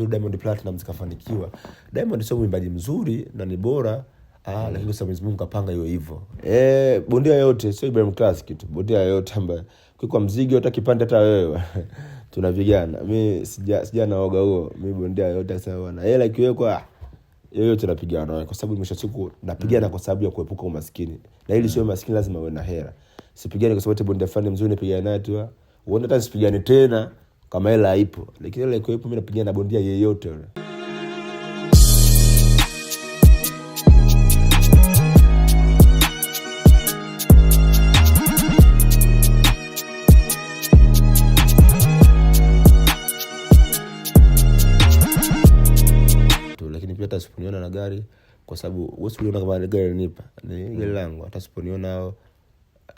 nzuri Diamond Platinum zikafanikiwa. Diamond sio mwimbaji mzuri na ni bora Ah, mm. lakini kwa Mwenyezi Mungu kapanga hiyo hivyo. Eh, bondia yote sio Ibrahim Classic kitu. Bondia yote ambaye kwa mziki hata kipande hata wewe. Tuna vijana. Mimi sija sija naoga huo. Mimi bondia yote sasa wana. Hela ikiwekwa yoyo tunapigana nayo kwa sababu mwisho siku napigana mm. kwa sababu ya kuepuka umaskini. Na ili sio umaskini mm. lazima uwe na hela. Sipigani kwa sababu bondia fulani mzuri nipigane naye tu. Ah. Uone hata sipigane tena kama hela haipo, lakini hela ikiwepo, mi napigana na bondia yeyote yule. Lakini pia hata na gari, kwa sababu wewe usioniona kama gari nipa ni gari mm. langu, hata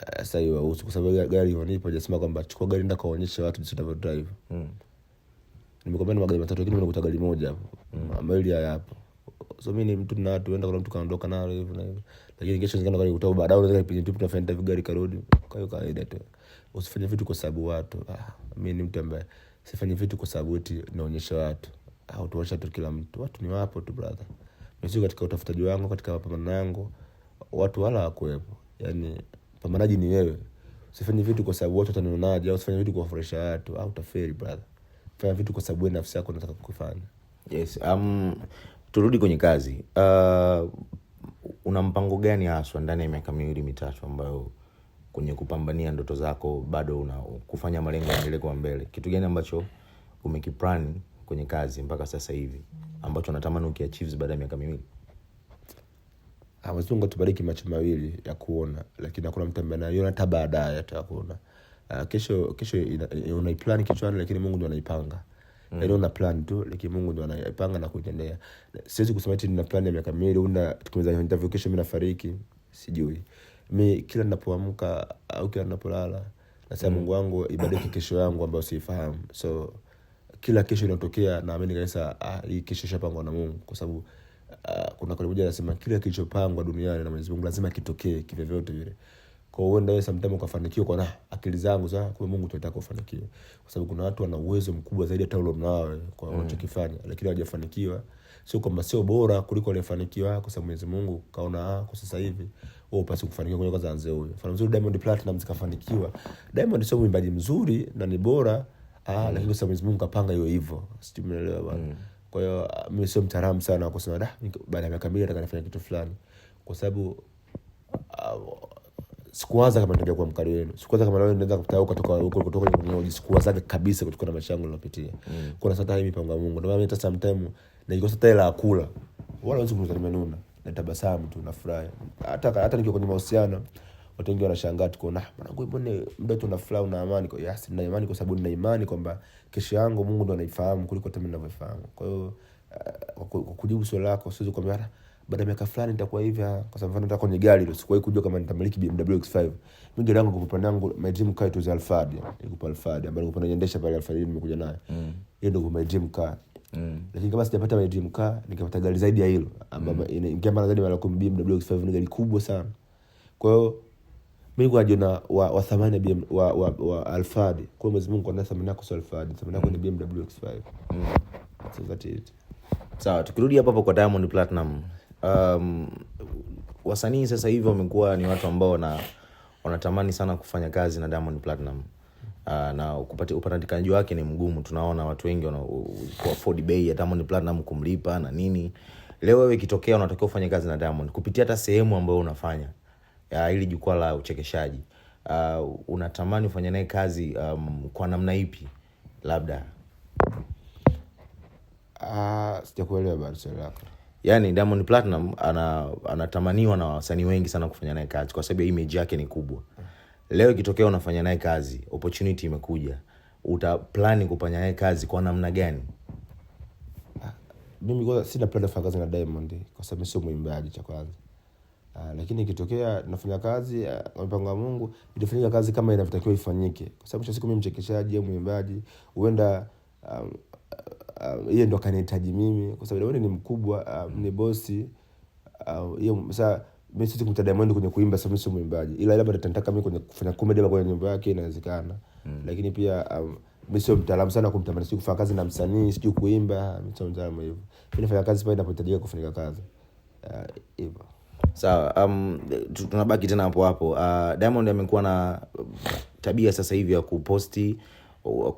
Eh, sasa hiyo wausi kwa sababu gari ilivyonipa jasema kwamba chukua gari nenda kaonyeshe watu jinsi unavyo drive mm. nimekwambia na magari matatu lakini nakuta gari moja hapo mm. mawili haya hapo so mi ni mtu na watu enda kuna mtu kaondoka nalo hivyo na hivyo lakini kesho zingana gari kutoka baadaye unaweza kipindi tu tunafanya interview gari karudi kwa hiyo kawaida tu usifanye vitu kwa sababu watu ah, mi ni mtu ambaye sifanye vitu kwa sababu eti naonyesha watu au ah, tuonyesha tu kila mtu watu ni wapo tu brother mimi katika utafutaji wangu katika mapambano yangu watu wala hawakuwepo yani pambanaji ni wewe usifanye vitu kwa sababu watu watanionaje au usifanye vitu kwa kufurahisha watu au utafeli brother fanya vitu kwa sababu wewe nafsi yako unataka kufanya yes um, turudi kwenye kazi uh, una mpango gani haswa ndani ya miaka miwili mitatu ambayo kwenye kupambania ndoto zako bado una kufanya malengo yaendelee kwa mbele kitu gani ambacho umekiplan kwenye kazi mpaka sasa hivi ambacho unatamani ukiachieve baada ya miaka miwili Ah, Mwenyezi atubariki macho mawili ya kuona, lakini hakuna mtu ambaye anaiona hata baadaye atakuona. Ah, kesho kesho unaiplan kichwani, lakini Mungu ndo anaipanga. mm. Yaani una plan tu, lakini Mungu ndo anaipanga na kuendelea. Siwezi kusema eti nina plan ya miaka miwili una tukimaliza interview kesho mimi nafariki, sijui. Mimi kila ninapoamka au kila ninapolala nasema mm. Mungu wangu ibadilike kesho yangu ambayo siifahamu. So kila kesho inatokea naamini kabisa ah, hii kesho ishapangwa na Mungu kwa sababu uh, kuna kalibu moja anasema kile kilichopangwa duniani na Mwenyezi Mungu lazima kitokee kivyo vyote vile. Kwa hiyo wewe ndio sometimes ukafanikiwa kwa na ah, akili zangu za kwa Mungu tunataka ufanikiwe. Kwa sababu kuna watu wana uwezo mkubwa zaidi hata ulio nao kwa mm. wanachokifanya mm. lakini hawajafanikiwa. Sio kwamba sio bora kuliko aliyefanikiwa kwa sababu Mwenyezi Mungu kaona ah, kwa sasa hivi wewe upasi kufanikiwa kwa kwanza anze huyo. Mfano mzuri Diamond Platinum zikafanikiwa. Diamond sio mwimbaji mzuri na ni bora ah, mm. lakini kwa sababu Mwenyezi Mungu kapanga hiyo hivyo. Sijui umeelewa bwana. Mm. Kwa hiyo ah, mimi sio mtaalamu sana wa kusema da, baada ya miaka mbili nataka nifanya kitu fulani, kwa sababu ah, sikuwaza kama nitakuja kuwa mkali wenu, sikuwaza kama leo naweza kutoka kutoka huko kutoka kwenye uji, sikuwaza kabisa kutokana na maisha yangu nilopitia. Mm. Kuna sasa hii mipango ya Mungu, ndio maana hata sometimes nikikosa tele la kula wala wezi kununa, nimenuna, natabasamu tu, nafurahi. Hata hata nikiwa kwenye mahusiano watu wengi wanashangaa tuko na mwanangu, mbona muda tu na furaha na amani kwa yasi na imani, kwa sababu nina imani kwamba kesho yangu Mungu ndo anaifahamu kuliko hata mimi ninavyofahamu. Kwa hiyo eh, kwa kujibu swali lako, siwezi kuambia baada ya miaka fulani nitakuwa hivi, ah, kwa sababu nataka kwenye gari ile, sikuwahi kujua kama nitamiliki BMW X5. Mimi gari yangu kwa upande wangu, my dream car itoza Alphard, ikupa Alphard ambayo nilikuwa naendesha pale Alphard, nimekuja nayo mm. hiyo, ndio my dream car. Mm. Lakini kama sijapata my dream car nikapata gari zaidi ya hilo ambapo mm. ingepanda zaidi mara kumi, BMW X5 ni gari kubwa sana, kwa hiyo Mungu ajona wa, wa thamani BM, wa, wa, wa Alphard. Kwa mwezi Mungu ana thamani yako sio alfadi thamani yako ni mm. BMW X5. Mm. So that it. Sawa, tukirudi hapo hapo kwa Diamond Platinum. Um, wasanii sasa hivi wamekuwa ni watu ambao na wanatamani sana kufanya kazi na Diamond Platinum. Uh, na upatikanaji wake ni mgumu. Tunaona watu wengi wana kwa afford bay ya Diamond Platinum kumlipa na nini. Leo wewe ikitokea unatakiwa ufanye kazi na Diamond kupitia hata sehemu ambayo unafanya hili jukwaa la uchekeshaji uh, unatamani ufanye naye kazi um, kwa namna ipi labda? Uh, sijakuelewa bado swali lako. Yani Diamond Platinum ana, anatamaniwa na wasanii wengi sana kufanya naye kazi kwa sababu ya image yake ni kubwa. Leo ikitokea unafanya naye kazi, opportunity imekuja, uta plani kufanya naye kazi kwa namna gani? Ah, mimi kwanza sina plan kufanya kazi na Diamond kwa sababu sio mwimbaji cha kwanza Ah, lakini ikitokea nafanya kazi kwa ah, mpango wa Mungu itafanyika kazi kama inavyotakiwa ifanyike, kwa sababu siku mimi mchekeshaji au mwimbaji huenda ah, yeye ndo kanihitaji mimi, kwa sababu Diamond ni mkubwa um, ni bosi hiyo uh, sasa mimi sisi kumta Diamond kwenye kuimba, sababu sio mwimbaji, ila labda nitataka mimi kwenye kufanya comedy kwa kwenye nyumba yake inawezekana mm. Lakini pia um, mimi sio mtaalamu sana kumtamani, sio kufanya kazi na msanii, sio kuimba, mimi sio mtaalamu hivyo. Mimi nafanya kazi pale inapohitajika kufanyika kazi hivyo uh, sawa. Um, tunabaki tena hapo hapo. Uh, Diamond amekuwa na tabia sasa hivi ya kuposti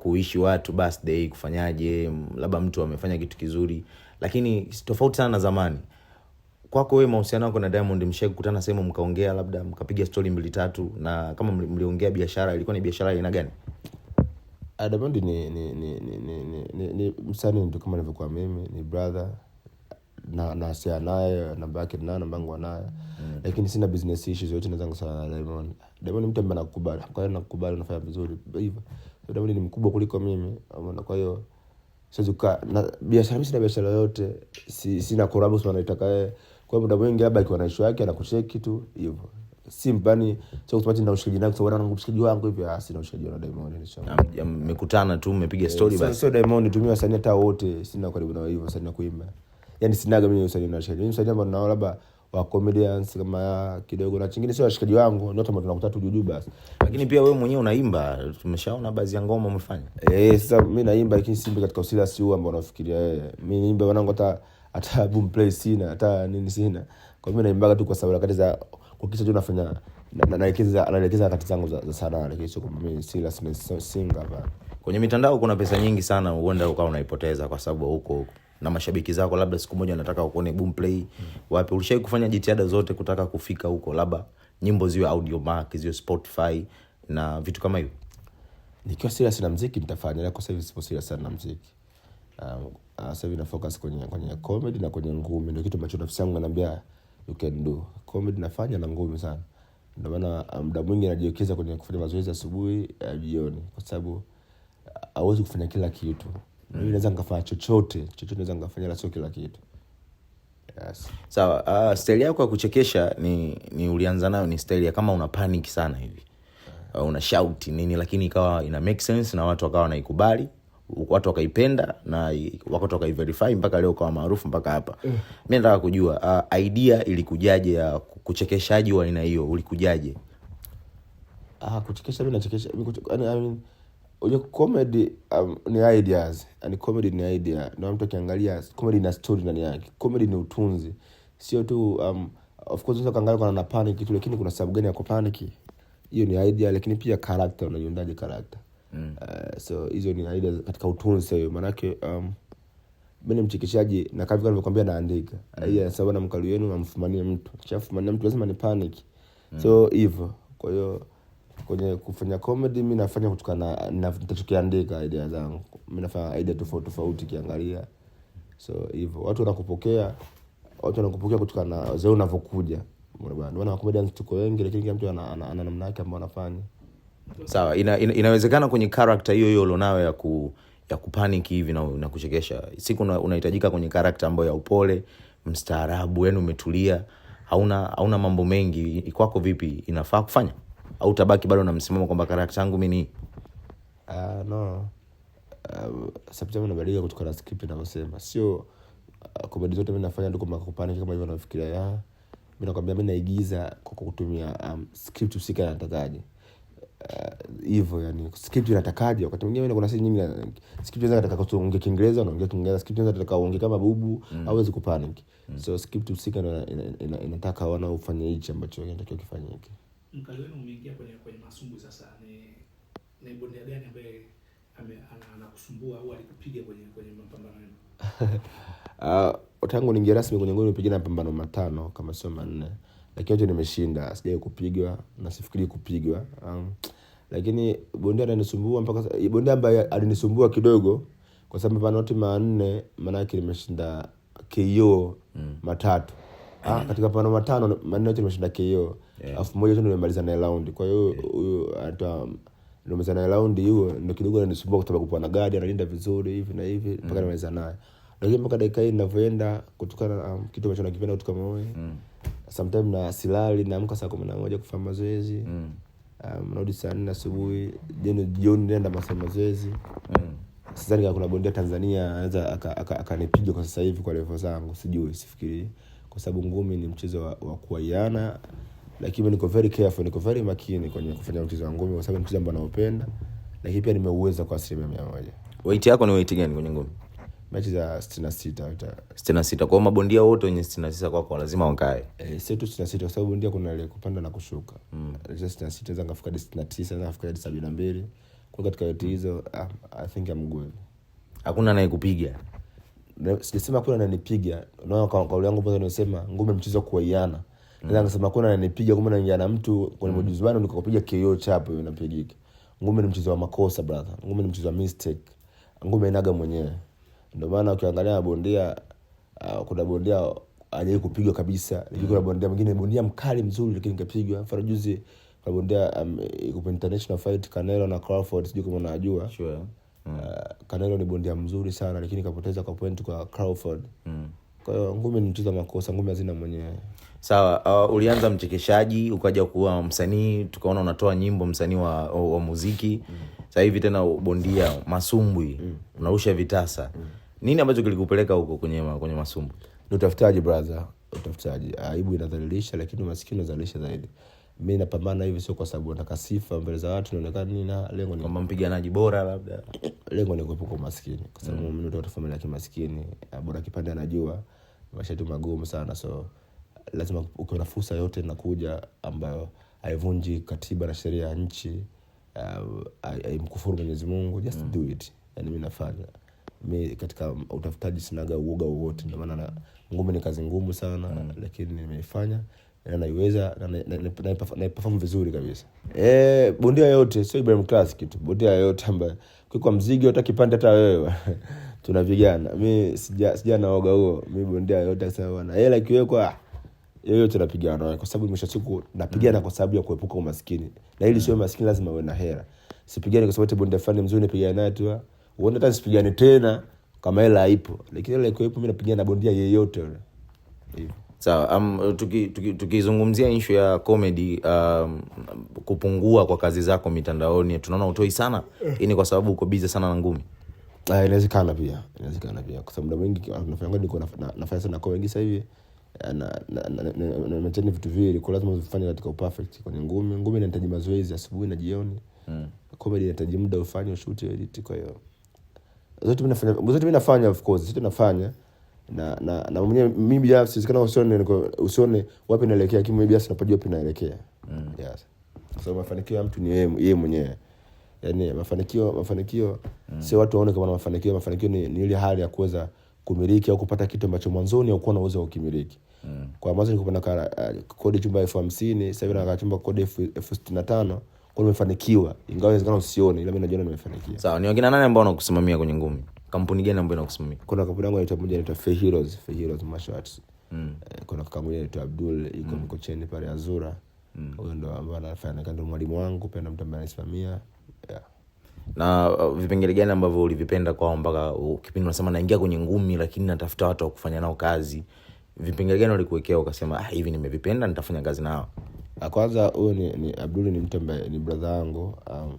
kuishi watu birthday, kufanyaje, labda mtu amefanya kitu kizuri, lakini tofauti sana na zamani. Kwako wewe, mahusiano yako na Diamond, mshae kukutana sehemu mkaongea, labda mkapiga stori mbili tatu, na kama mliongea biashara, ilikuwa ni biashara aina gani? Ah, Diamond ni, ni, ni, ni, ni, ni, msanii, kama nilivyokuwa mimi, ni brother nasea naye namba yake nayo namba yangu anayo Lakini sina business issues yote naweza kusema na Diamond. Diamond mtu ambaye nakubali, kwa hiyo nakubali, unafanya vizuri hivyo. Diamond ni mkubwa kuliko mimi, kwa hiyo siwezi kukaa na biashara. Mimi sina biashara yoyote, si, sina collabs wanaitaka yeye. Kwa muda mwingi labda akiwa na issue yake anakucheki tu hivyo mmekutana tu mmepiga stori eh, basi. Sio Diamond, tumia wasanii hata wote sina karibu nao hivyo, sasa na kuimba yani sinaga mimi usanii na washikaji. Mimi usanii ambao nao labda wa comedians kama kidogo na chingine, sio washikaji wangu, ndio kama tunakuta tu juju basi. Lakini pia wewe mwenyewe unaimba, tumeshaona baadhi ya ngoma umefanya. Eh, sasa mimi naimba, lakini simbi katika usila si huo ambao unafikiria wewe. Mimi naimba wanangu, hata hata boom play sina, hata nini sina. Kwa hiyo naimbaga tu kwa sababu kati za kwa kisa tu nafanya naelekeza naelekeza kati zangu za, za sanaa, lakini sio kwamba mimi si rasmi singa hapana. Kwenye mitandao kuna pesa nyingi sana, huenda ukawa unaipoteza kwa sababu huko huko na mashabiki zako, labda siku moja nataka ukuone Boomplay mm. wapi. Ulishai kufanya jitihada zote kutaka kufika huko, labda nyimbo ziwe audio mark ziwe Spotify na vitu kama hivyo? Nikiwa serious na mziki nitafanya, ila kwa hivi sipo serious sana na mziki. Um, uh, sasa hivi na focus kwenye kwenye comedy na kwenye ngumi, ndio kitu ambacho nafsi yangu ananiambia you can do. Comedy nafanya na ngumi sana, ndio maana uh, muda um, mwingi najiwekeza kwenye kufanya mazoezi asubuhi uh, jioni, kwa sababu hawezi uh, kufanya kila kitu. Mimi naweza nikafanya chochote chochote, naweza nikafanya, la sio kila kitu. Yes. So, uh, ah, staili yako ya kuchekesha ni, ni ulianza nayo ni staili ya kama una panic sana hivi uh, una shout nini, lakini ikawa ina make sense na watu wakawa wanaikubali, watu wakaipenda na watu wakaiverify mpaka leo ukawa maarufu mpaka hapa. Mm. Mimi nataka kujua uh, idea ilikujaje ya uh, kuchekeshaji wa aina hiyo, ulikujaje? Ah, kuchekesha mimi nachekesha unajua comedy um, ni ideas and yaani comedy ni idea na mtu akiangalia comedy ina story ndani yake comedy ni utunzi sio tu um, of course unaweza kaangalia kwa na panic tu lakini kuna sababu gani ya kupanic hiyo ni idea lakini pia character unajiundaje character mm. uh, so hizo ni idea katika utunzi hiyo maana yake um, mimi ni mchekeshaji na kama vile nilivyokuambia naandika mm. iya sababu na mkalu wenu namfumania mtu kishafumania mtu lazima ni panic mm. so hivyo kwa hiyo kwenye kufanya comedy mi nafanya kutokana na nitachokiandika idea zangu, mi nafanya idea tofauti tofauti kiangalia, so hivyo watu wanakupokea, watu wanakupokea kutokana na zee unavyokuja. Ndio maana comedians tuko wengi, lakini kila mtu ana namna yake ambayo anafanya. Sawa, ina, ina, inawezekana kwenye karakta hiyo hiyo ulionayo ya ku ya kupaniki hivi na, na kuchekesha siku unahitajika una kwenye karakta ambayo ya upole mstaarabu, yani umetulia, hauna hauna mambo mengi. Kwako vipi, inafaa kufanya? au tabaki bado namsimama kwamba karakta yangu mimi ni uh, no uh, ah, subject inabadilika kutokana na script inavyosema, sio uh, comedy zote mimi nafanya tu kwa kupanish kama hivyo nafikiria ya mimi nakwambia, mimi naigiza kwa kutumia um, script husika inatakaje hivyo uh, yani script inatakaje? Wakati mwingine mimi kuna sisi nyingi script inaweza nataka kuongea Kiingereza, na ongea Kiingereza, script inaweza nataka uongee kama bubu mm. au kupanic mm. so script usika inataka wana ufanye hichi ambacho inatakiwa kifanyike mkali wenu umeingia kwenye kwenye masumbu sasa, ni ni bondia gani ambaye anakusumbua au alikupiga kwenye kwenye mapambano yenu? Uh, ah, tangu niingia rasmi kwenye ngumi nipigana mapambano matano kama sio manne, lakini yote nimeshinda, sijawahi kupigwa na sifikiri kupigwa. Um, lakini bondia ananisumbua mpaka sasa, bondia ambaye alinisumbua kidogo, kwa sababu mapambano yote manne maana yake nimeshinda KO mm. matatu. Ah, mm. katika mapambano matano manne yote nimeshinda KO elfu moja tu nimemaliza naye raundi. Kwa hiyo huyu hata nimemaliza naye raundi hiyo ndo kidogo ananisumbua gadi analinda vizuri hivi na hivi mpaka mm. nimemaliza naye, lakini mpaka dakika hii ninavyoenda, kutokana na um, kitu ambacho nakipenda kutoka mm. sometimes na silali, naamka saa kumi na moja kufanya mazoezi mm. um, narudi saa nne asubuhi, jioni naenda mazoezi. Sidhani kama kuna bondia Tanzania anaweza akanipiga kwa sasa hivi kwa levo zangu, sijui, sifikiri kwa sababu ngumi ni mchezo wa kuwaiana lakini niko very careful, niko very makini kwenye kufanya mchezo wa ngumi, kwa sababu ni mchezo ambao naupenda, lakini pia nimeuweza kwa asilimia mia moja. Weight yako ni weight gani kwenye ngumi? mechi za sitini na sita sitini na sita kwao, mabondia wote wenye sitini na sita kwako lazima wakae, eh, si tu sitini na sita kwa sababu bondia kuna ile kupanda na kushuka. Mm. Sitini na sita kafika hadi sitini na tisa kafika hadi sabini na mbili kwa katika yote mm. hizo ah, I think I'm good. Hakuna anayekupiga sijasema, hakuna ananipiga. Unaona, kauli yangu kwanza nimesema ngumi mchezo kuwaiana Naweza nikasema kona ananipiga, kumbe naingia na mtu kwenye mm. mjuzi nikakupiga kio chapo, hiyo napigika ngume ni mchezo wa makosa brother, ngume ni mchezo wa mistake, ngume inaga mwenyewe. Ndio maana ukiangalia mabondia uh, kuna bondia ajai kupigwa kabisa, lakini kuna mm. bondia mwingine bondia mkali mzuri, lakini kapigwa. Mfano juzi kuna bondia um, iko international fight Canelo na Crawford, sijui kama unajua sure. mm. uh, Canelo ni bondia mzuri sana, lakini kapoteza kwa point kwa Crawford mm kwahiyo ngumi ni mchezo makosa, ngumi hazina mwenyewe. Sawa. Uh, ulianza mchekeshaji ukaja kuwa msanii, tukaona unatoa nyimbo, msanii wa, wa muziki mm. sahivi hivi tena bondia masumbwi mm. Unausha vitasa mm. Nini ambacho kilikupeleka huko kwenye, kwenye masumbwi? Ni utafutaji brother, utafutaji. Aibu inadhalilisha, lakini umasikini unazalilisha zaidi mi napambana hivi sio kwa sababu nataka sifa mbele za watu naonekana nina lengo ni kama mpiganaji bora labda lengo ni kuepuka umaskini kwa sababu mm. mimi ndio familia kimaskini bora kipande anajua maisha yetu magumu sana so lazima ukiwa na fursa yote inakuja ambayo haivunji katiba na sheria ya nchi ah, haimkufuru Mwenyezi Mungu just mm. do it yani mi nafanya mi katika utafutaji sinaga uoga wowote ndio maana ngumu ni kazi ngumu sana mm. lakini nimeifanya naiweza naiperform vizuri kabisa. E, bondia yote sio Ibrahim Classic tu, bondia yote ambaye kwa mzigi hata kipande hata wewe tuna vijana, mi sija sija naoga huo, mi bondia yote akisema bwana hela eh, ikiwekwa yoyote tunapigana kwa sababu mwisho siku napigana kwa sababu ya kuepuka umaskini, na ili sio maskini lazima uwe na hela. Sipigani kwa sababu ati bondia fulani mzuri nipigane naye tu, ah. uone hata sipigani tena kama hela haipo, lakini hela ikiwepo mi napigana na bondia yeyote yule, hivyo Sawa, um, tukizungumzia tuki, tuki ishu ya comedy um, kupungua kwa kazi zako mitandaoni tunaona utoi sana. Eh. Hii ni kwa sababu uko bize sana na ngumi. Uh, ah, inawezekana pia, inawezekana pia kwa sababu muda mwingi nafanya sana comedy sasa hivi ah, nachani vitu viwili kwa lazima vifanye katika perfect kwenye ngumi. Ngumi inahitaji mazoezi asubuhi na jioni, mm. comedy inahitaji muda ufanye ushuti edit. Kwa hiyo zote mimi nafanya, zote mimi nafanya of course, zote nafanya na na na mwenyewe mimi binafsi sikana usione usione wapi naelekea, lakini mimi binafsi napojua wapi naelekea mm. yes. Kwa so, mafanikio ya mtu ni yeye yeye mwenyewe, yani mafanikio mafanikio mm. sio watu waone kama mafanikio. Mafanikio ni, ni ile hali ya kuweza kumiliki au kupata kitu ambacho mwanzoni haukuwa na uwezo wa kumiliki mm. Kwa mwanzo nilikuwa na uh, kodi chumba elfu hamsini sasa hivi na chumba kodi elfu sitini na tano kwa nimefanikiwa, ingawa inawezekana usione, ila mimi najiona nimefanikiwa. Sawa, ni wengine nani ambao wanakusimamia kwenye ngumi? Kampuni gani ambayo inakusimamia? Kuna kampuni yangu inaitwa moja inaitwa Fair Heroes, Martial Arts. Mm. Eh, kuna kaka mmoja anaitwa Abdul yuko mm. Mikocheni pale Azura. Mm. Huyo ndo ambaye anafanya na kando mwalimu wangu pia na mtu ambaye anasimamia. Yeah. Na uh, vipengele gani ambavyo ulivipenda kwa mpaka uh, kipindi unasema naingia kwenye ngumi lakini natafuta watu wa kufanya nao kazi. Vipengele gani ulikuwekea ukasema ah, hivi nimevipenda nitafanya kazi nao? Ah, kwanza huyo ni, ni Abdul ni mtu ambaye ni brother wangu Um,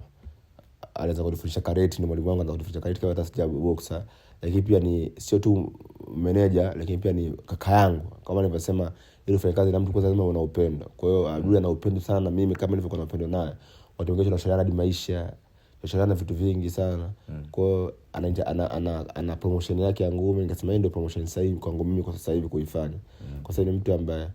anaweza kutufundisha karate, ni mwalimu wangu anaweza kutufundisha karate kama hata sija boxer, lakini pia ni sio tu meneja, lakini pia ni kaka yangu. Kama nilivyosema, ili ufanye kazi na mtu kwanza lazima una upendo. Kwa hiyo Abdul ah, ana upendo sana na mimi kama nilivyokuwa na upendo naye. Watu wengi tunashauriana hadi maisha, tunashauriana vitu vingi sana. Mm. Kwa hiyo ana, ana, ana, ana ana promotion yake ya ngumi, nikasema hii ndio promotion sahihi kwangu mimi kwa sasa hivi kuifanya, mm. kwa sababu ni mtu ambaye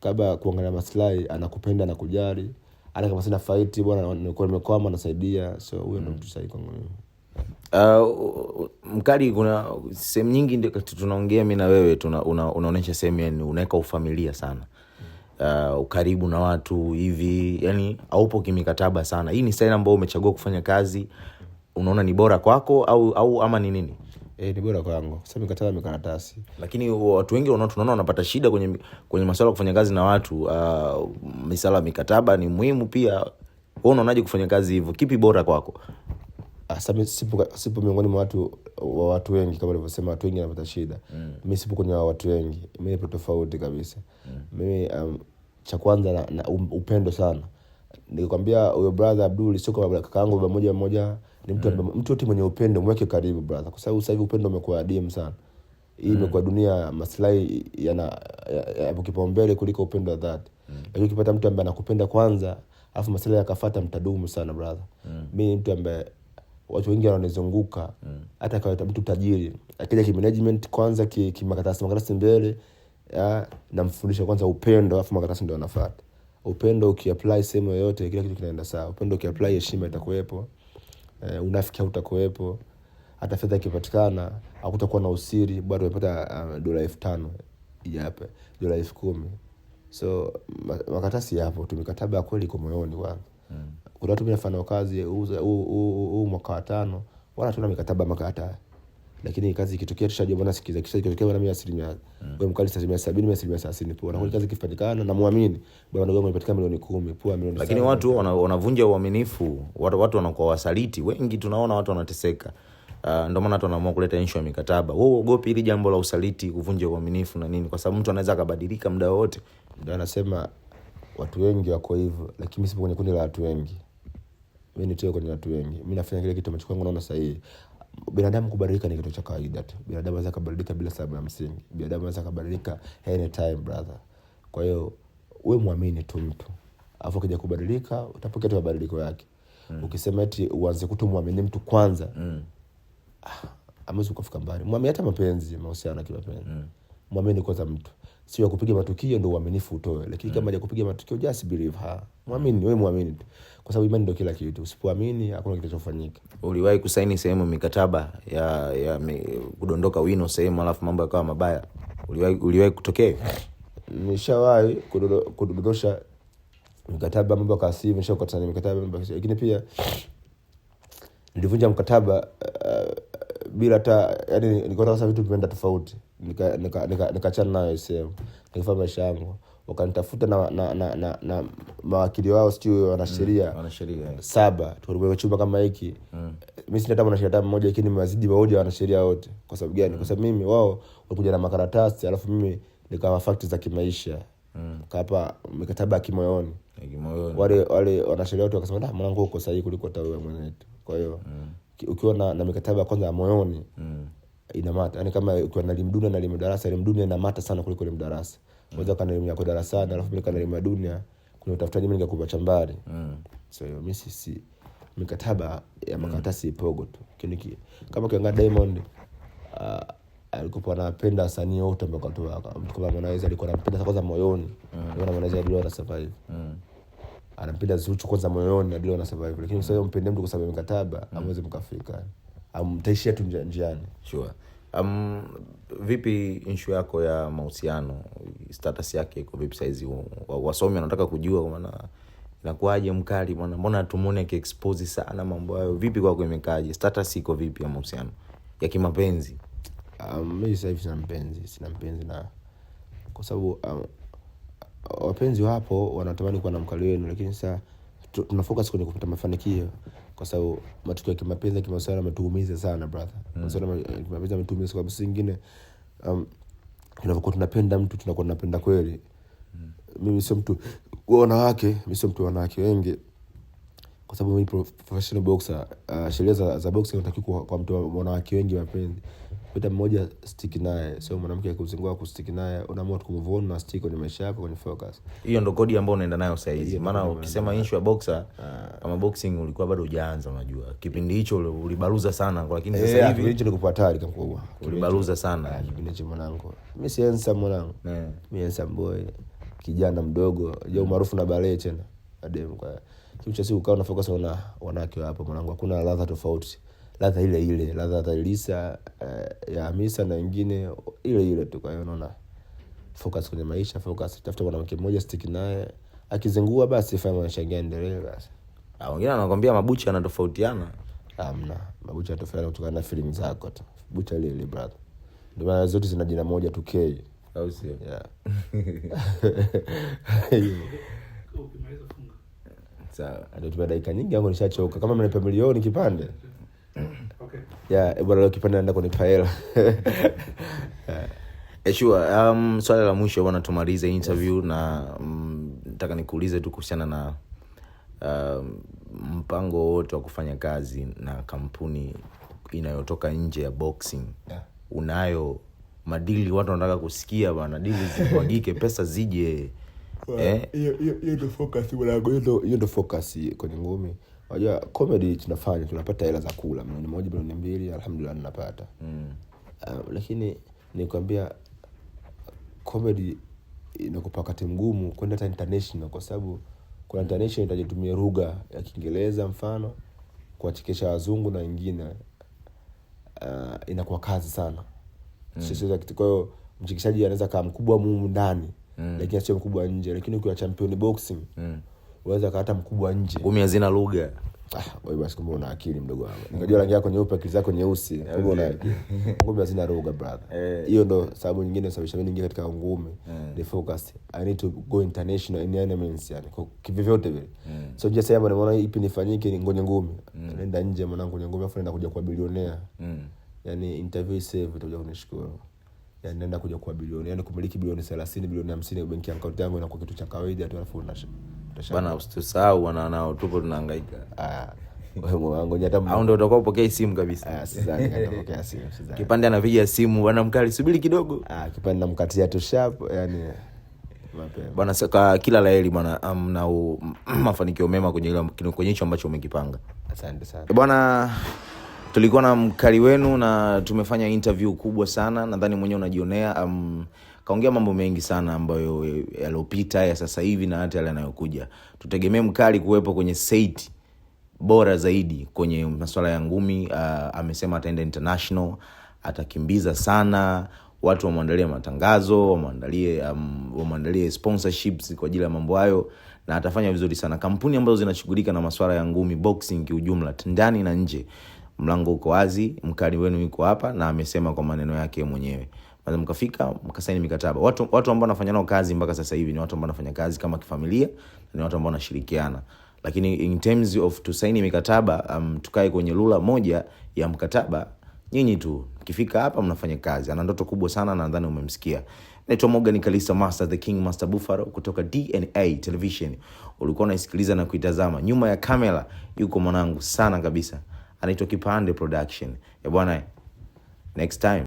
kabla kuangalia maslahi anakupenda, na anakujali hata kama sina faiti bwana, nilikuwa nimekwama nasaidia. So huyo ndo mm. mtu sahi kwangu mimi. Uh, mkali, kuna sehemu nyingi tunaongea mi na wewe unaonyesha sehemu yani unaweka ufamilia sana uh, ukaribu na watu hivi yani aupo kimikataba sana. Hii ni style ambayo umechagua kufanya kazi, unaona ni bora kwako au, au ama ni nini? E, ni bora kwangu sasa, mikataba mikaratasi. Lakini watu wengi tunaona wanapata shida kwenye, kwenye masuala ya kufanya kazi na watu uh, misala ya mikataba ni muhimu pia. Wewe unaonaje kufanya kazi hivyo, kipi bora kwako? Sasa ah, sipo, sipo miongoni mwa watu wa watu wengi kama nilivyosema, watu wengi wanapata shida mm. Mimi sipo kwenye watu wengi, mimi nipo tofauti kabisa mm. Mimi um, cha kwanza na, na upendo sana nikikwambia, huyo brother Abdul sio kama kakaangu baba mmoja mmoja ni mtu mm. mtu yote mwenye upendo mweke karibu brother, kwa sababu sasa hivi upendo umekuwa adimu sana. Hii mm. imekuwa mm. dunia, maslahi yana yapo kipaumbele kuliko upendo wa dhati mm. Lakini ukipata mtu ambaye anakupenda kwanza alafu maslahi yakafuata, mtadumu sana brother mm. ni mtu ambaye watu wengi wananizunguka mm. hata kawaita mtu tajiri akija kimanagement kwanza ki, ki makaratasi makaratasi mbele namfundisha kwanza upendo, alafu makaratasi ndo anafuata. Upendo ukiapply sehemu yoyote, kila kitu kinaenda sawa. Upendo ukiapply, heshima itakuwepo eh, unafiki hautakuwepo. Hata fedha ikipatikana hakutakuwa na usiri, bado umepata um, dola elfu tano ijape dola elfu kumi so makatasi yapo tu, mikataba ya kweli iko moyoni kwanza. Hmm. Kuna watu mnafanya kazi huu mwaka wa tano, wala tuna mikataba makata lakini kazi ikitokea tushajua bwana sikiza, kisha ikitokea bwana mimi asilimia mm. wewe mkali asilimia sabini mimi asilimia thelathini poa, nakuja kazi ikipatikana na muamini bwana ndogo amepatikana milioni kumi poa milioni. Lakini watu wanavunja uaminifu, watu, watu wanakuwa wasaliti wengi, tunaona watu wanateseka. Uh, ndio maana watu wanaamua kuleta inshu ya mikataba. Wewe uogopi hili jambo la usaliti, kuvunja uaminifu na nini, kwa sababu mtu anaweza akabadilika muda wote. Ndio anasema watu wengi wako hivyo, lakini mimi sipo kwenye kundi la watu wengi. Mimi nitoe kwenye watu wengi, mimi nafanya kile kitu ambacho naona sahihi binadamu kubadilika ni kitu cha kawaida tu. Binadamu anaweza kabadilika bila sababu ya msingi. Binadamu anaweza kabadilika anytime brother. Kwa hiyo we mwamini tu mtu, alafu ukija kubadilika utapokea tu mabadiliko yake. Mm. Ukisema eti uanze kutumwamini mtu kwanza, mm. ah, amewezi ukafika mbali. Mwamini hata mapenzi, mahusiano ya kimapenzi, mm. mwamini kwanza mtu, sio akupiga matukio ndo uaminifu utoe, lakini mm. kama kupiga matukio just believe her. Mwamini, wewe mwamini tu. Kwa sababu imani ndio kila kitu. Usipoamini hakuna kitu kitachofanyika. Uliwahi kusaini sehemu mikataba ya, ya mi, kudondoka wino sehemu alafu mambo yakawa mabaya. Uliwahi uliwahi kutokea? Nishawahi kudondosha mikataba mambo yakawa si, nimeshakutana mikataba mambo lakini pia nilivunja mkataba uh, bila hata yani nilikuwa nataka vitu vimeenda tofauti nikachana nayo sehemu nikafanya maisha yangu wakanitafuta na, na, na, na, na mawakili wao siu wanasheria mm, saba tukaruka chumba kama hiki mm. mi sina hata mwanasheria hata mmoja lakini mewazidi waoja wanasheria wote kwa sababu gani mm. kwa sababu mimi wao walikuja na makaratasi alafu mimi nikawa fakti za kimaisha mm. kapa mikataba ya kimoyoni wale wale wanasheria wote wakasema mwanangu uko sahii kuliko hata wewe mwenyewe kwa hiyo mm. ukiwa na, na mikataba kwanza ya moyoni mm inamata yani kama ukiwa na elimu dunia na elimu darasa, elimu dunia inamata sana kuliko elimu darasa. Unaweza kana elimu yako darasani alafu mimi kana elimu ya dunia, kuna utafutaji mwingi kwa chambari. Mm. So mimi si mikataba ya mm. makaratasi ipogo tu Kini ki Kama ukiangalia Diamond uh, alikuwa anapenda wasanii wote ambao katoa kama Harmonize alikuwa anampenda kwanza moyoni. Mm. na Harmonize ndio ana survive. Mm. Anampenda Zuchu kwanza moyoni ndio ana survive. Lakini sasa mpende mtu kwa sababu mikataba amwezi mkafika mtaishia tu njiani. Sure. Um, vipi nshu yako ya mahusiano status yake iko vipi saizi? Wasomi wanataka kujua maana nakuaje mkali mana mbona tumone akiexpose sana mambo hayo. Vipi kwako, imekaaje? Status iko vipi ya mahusiano ya kimapenzi? Um, sahivi sina mpenzi, sina mpenzi na kwa sababu um, wapenzi wapo wanatamani kuwa na mkali wenu, lakini sasa tunafokas kwenye kupata mafanikio kwa sababu matukio ya kimapenzi ya kimahusiano yametuumiza sana brother. Mm. Masuala ya kimapenzi yametuumiza kwa sababu si ingine, um, tunapenda mtu tunakuwa tunapenda kweli. Mm. Mimi sio mtu wa wanawake, mimi sio mtu wa wanawake wengi kwa sababu mimi professional boxer. Uh, sheria za, za boxing unatakiwa kwa mtu wa wanawake wengi mapenzi kupita mmoja stick naye, sio mwanamke akuzingua kustick naye, unaamua tu kumove on na stick kwenye maisha yako, kwenye focus. Hiyo ndo kodi ambayo unaenda nayo sasa hizi, maana ukisema issue ya boxer ah. kama boxing ulikuwa bado hujaanza, unajua kipindi hicho ulibaruza sana, lakini sasa eh, ah, hivi hicho ni kupata hatari kubwa, ulibaruza sana ah, kipindi hicho. Mwanangu mimi si handsome mwanangu, mimi eh. handsome boy, kijana mdogo, jeu maarufu na bale tena ademu kwa kitu cha siku, na focus, una wanawake hapo mwanangu, hakuna ladha tofauti ladha ile ile, ladha ya Lisa uh, eh, ya Hamisa na wengine ile ile tu. Kwa hiyo unaona, focus kwenye maisha, focus, tafuta mwanamke mmoja, stick naye, akizingua basi fanya maisha yake endelee basi. Ah, wengine wanakwambia mabucha yanatofautiana. Hamna, mabucha yanatofautiana kutokana na feeling zako tu, bucha ile ile brother, ndio maana zote zina jina moja tu K, au sio? Yeah. Sawa, ndio tumedaika nyingi yangu nishachoka, kama mnipe milioni kipande okay. yeah, eh, bwana eh, um, swala la mwisho bana tumalize interview yes. Na mm, nataka mm, nikuulize tu kuhusiana na uh, mpango wote wa kufanya kazi na kampuni inayotoka nje ya boxing yeah. Unayo madili, watu wanataka kusikia bana dili zikuagike pesa zije eh? hiyo, hiyo ndo focus kwenye ngumi Unajua comedy tunafanya tunapata hela za kula milioni moja milioni mbili alhamdulillah ninapata. Mm. Uh, lakini nikwambia comedy inakupa wakati mgumu kwenda hata international kwa sababu kuna international itajitumia lugha ya Kiingereza mfano kuwachekesha wazungu na wengine uh, inakuwa kazi sana. Mm. Kwa hiyo mchekeshaji anaweza kama mkubwa mumu ndani mm. lakini sio mkubwa nje, lakini ukiwa champion boxing mm uweza kata mkubwa nje. Ngumi hazina lugha. Ah, basi kumbe una akili mdogo wangu. Nikajua rangi yako nyeupe, akili zako nyeusi. Kumbe una ngumi hazina roga brother. Eh. Hiyo ndo sababu nyingine sababisha mimi ningia katika ngumi. The eh. focus. I need to go international in any means yani. Kwa kivyovyote vile. Eh. So je, sasa nimeona ipi nifanyike ni ngonye ngumi. Mm. Nenda nje mwanangu ngoja ngumi afu nenda kuja kuwa bilionea. Mm. Yani interview save utakuja kunishukuru yani nenda kuja kuwa bilionea. yani kumiliki bilioni 30, bilioni 50 benki account akaunti yangu inakuwa kitu cha kawaida tu alafu unashukuru bana, usisahau wana nao tupo tunahangaika. Au ndio utakuwa upokea simu kabisa? Kipande anapiga simu, bwana mkali, subiri kidogo. kipande namkatia tu yani bwana kila la heri bwana, um, na mafanikio mema kwenye kwenye hicho ambacho umekipanga. Asante sana eh, bwana tulikuwa na mkali wenu na tumefanya interview kubwa sana, nadhani mwenyewe unajionea um, kaongea mambo mengi sana ambayo yaliopita ya sasa hivi na hata yale yanayokuja. Tutegemee Mkali kuwepo kwenye seti bora zaidi kwenye masuala ya ngumi. Uh, amesema ataenda international, atakimbiza sana watu wamwandalie matangazo wamwandalie um, wamwandalie kwa ajili ya mambo hayo, na atafanya vizuri sana. Kampuni ambazo zinashughulika na masuala ya ngumi boxing kiujumla, ndani na nje, mlango uko wazi. Mkali wenu yuko hapa, na amesema kwa maneno yake mwenyewe. Baada mkafika mkasaini mikataba. Watu, watu ambao wanafanya nao kazi mpaka sasa hivi ni watu ambao wanafanya kazi kama kifamilia, ni watu ambao wanashirikiana, lakini in terms of to sign mikataba um, tukae kwenye lula moja ya mkataba nyinyi tu mkifika hapa mnafanya kazi. Ana ndoto kubwa sana na nadhani umemsikia. Naitwa Morgan Kalisa Master, the King Master Buffalo kutoka DNA Television. Ulikuwa unaisikiliza na kuitazama, nyuma ya kamera yuko mwanangu sana kabisa, anaitwa Kipande Production. Ya bwana, next time.